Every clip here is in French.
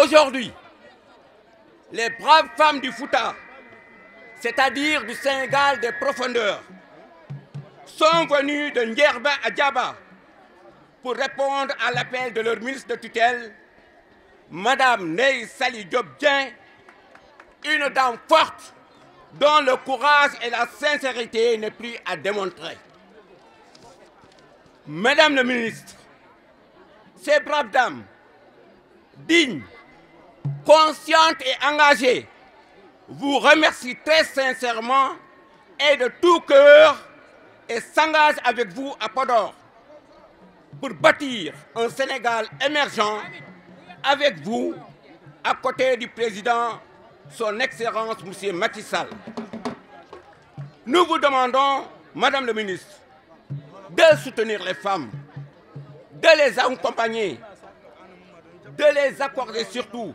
Aujourd'hui, les braves femmes du Fouta, c'est-à-dire du Sénégal des profondeurs, sont venues de Ngerba à Djaba pour répondre à l'appel de leur ministre de tutelle, Madame Ney Sali une dame forte dont le courage et la sincérité n'est plus à démontrer. Madame le ministre, ces braves dames, dignes consciente et engagée, vous remercie très sincèrement et de tout cœur et s'engage avec vous à Podor pour bâtir un Sénégal émergent avec vous à côté du président son Excellence M. Matissal. Nous vous demandons, Madame le ministre, de soutenir les femmes, de les accompagner, de les accorder surtout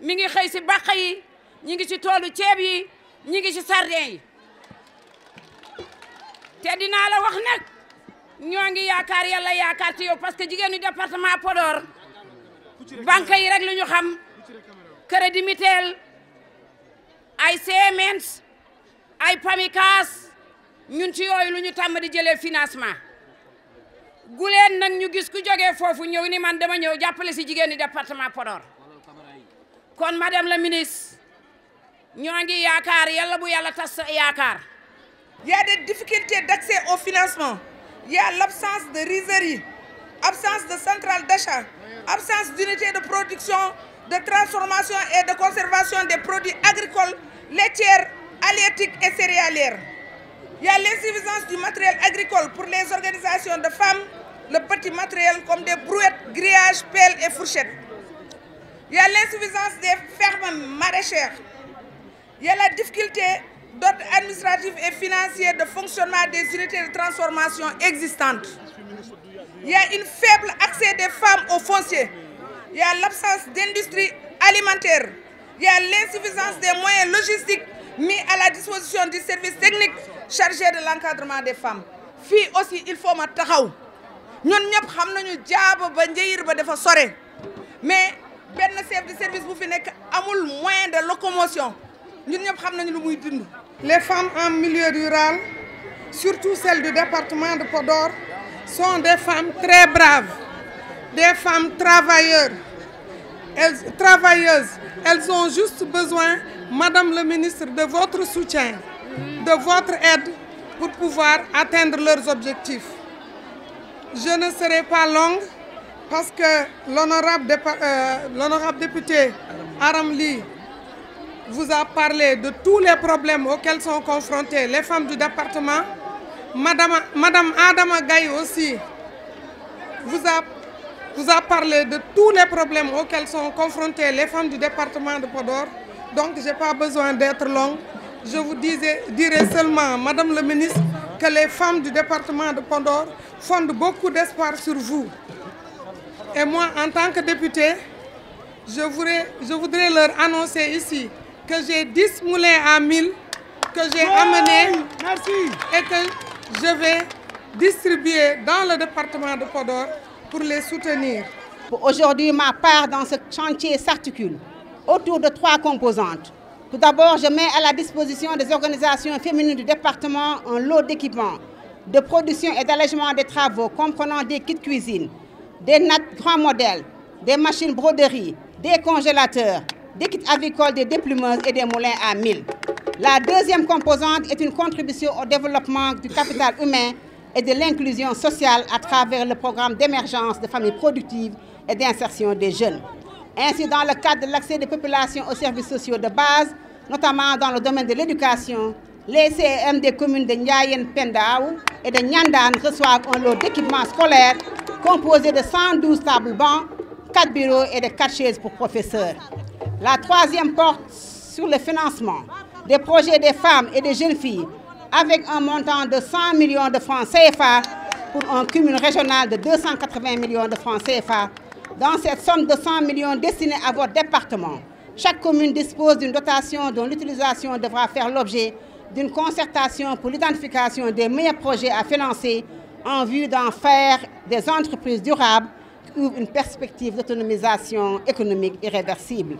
mi ngi xëy si bàq yi ñu ngi si toolu ceeb yi ñu ngi si sardin yi te dinaa la wax nag ñoo ngi yaakaar yàlla yaakaar ci yow parce que jigéenu département Podor banque yi rek lu ñu xam crédit mutuel ay Siemens ay Pamicas ñun ci yooyu lu ñu tàmm di jëlee financement guleen nan ñu gis ku jógee foofu ñëw ni man dama ñëw jàppale si jigéenu département Podor madame la ministre il Il y a des difficultés d'accès au financement il y a l'absence de riserie, absence de centrale d'achat absence d'unité de production de transformation et de conservation des produits agricoles laitiers halieutiques et céréalières il y a l'insuffisance du matériel agricole pour les organisations de femmes le petit matériel comme des brouettes grillages pelles et fourchettes il y a l'insuffisance des fermes maraîchères. Il y a la difficulté d'ordre administratif et financier de fonctionnement des unités de transformation existantes. Il y a un faible accès des femmes aux fonciers. Il y a l'absence d'industrie alimentaire. Il y a l'insuffisance des moyens logistiques mis à la disposition du service technique chargé de l'encadrement des femmes. Fi aussi il faut ma taxaw ñun xam nañu train ba ba de locomotion les femmes en milieu rural surtout celles du département de Podor sont des femmes très braves des femmes travailleurs elles travailleuses elles ont juste besoin madame le ministre de votre soutien de votre aide pour pouvoir atteindre leurs objectifs je ne serai pas longue parce que l'honorable euh, député Aram Lee vous a parlé de tous les problèmes auxquels sont confrontées les femmes du département. Madame, Madame Adama Gaye aussi vous a, vous a parlé de tous les problèmes auxquels sont confrontées les femmes du département de Podor. Donc, je n'ai pas besoin d'être longue. Je vous disais, dirai seulement, Madame le ministre, que les femmes du département de Pandore fondent beaucoup d'espoir sur vous. Et moi, en tant que député, je voudrais, leur annoncer ici que j'ai 10 moulins à 1000 que j'ai amenés et que je vais distribuer dans le département de Podor pour les soutenir. Aujourd'hui, ma part dans ce chantier s'articule autour de trois composantes. Tout d'abord, je mets à la disposition des organisations féminines du département un lot d'équipements de production et d'allègement des travaux comprenant des kits cuisine, des nattes grands modèles, des machines broderies, des congélateurs, des kits avicoles, des déplumeuses et des moulins à mille. La deuxième composante est une contribution au développement du capital humain et de l'inclusion sociale à travers le programme d'émergence de familles productives et d'insertion des jeunes. Ainsi, dans le cadre de l'accès des populations aux services sociaux de base, notamment dans le domaine de l'éducation, les CEM des communes de Nyayen Pendaou et de Nyandan reçoivent un lot d'équipements scolaires ...composé de 112 tables bancs, 4 bureaux et de 4 chaises pour professeurs. La troisième porte sur le financement des projets des femmes et des jeunes filles avec un montant de 100 millions de francs CFA pour un commune régional de 280 millions de francs CFA. Dans cette somme de 100 millions destinée à votre département, chaque commune dispose d'une dotation dont l'utilisation devra faire l'objet d'une concertation pour l'identification des meilleurs projets à financer en vue d'en faire des entreprises durables qui ouvrent une perspective d'autonomisation économique irréversible.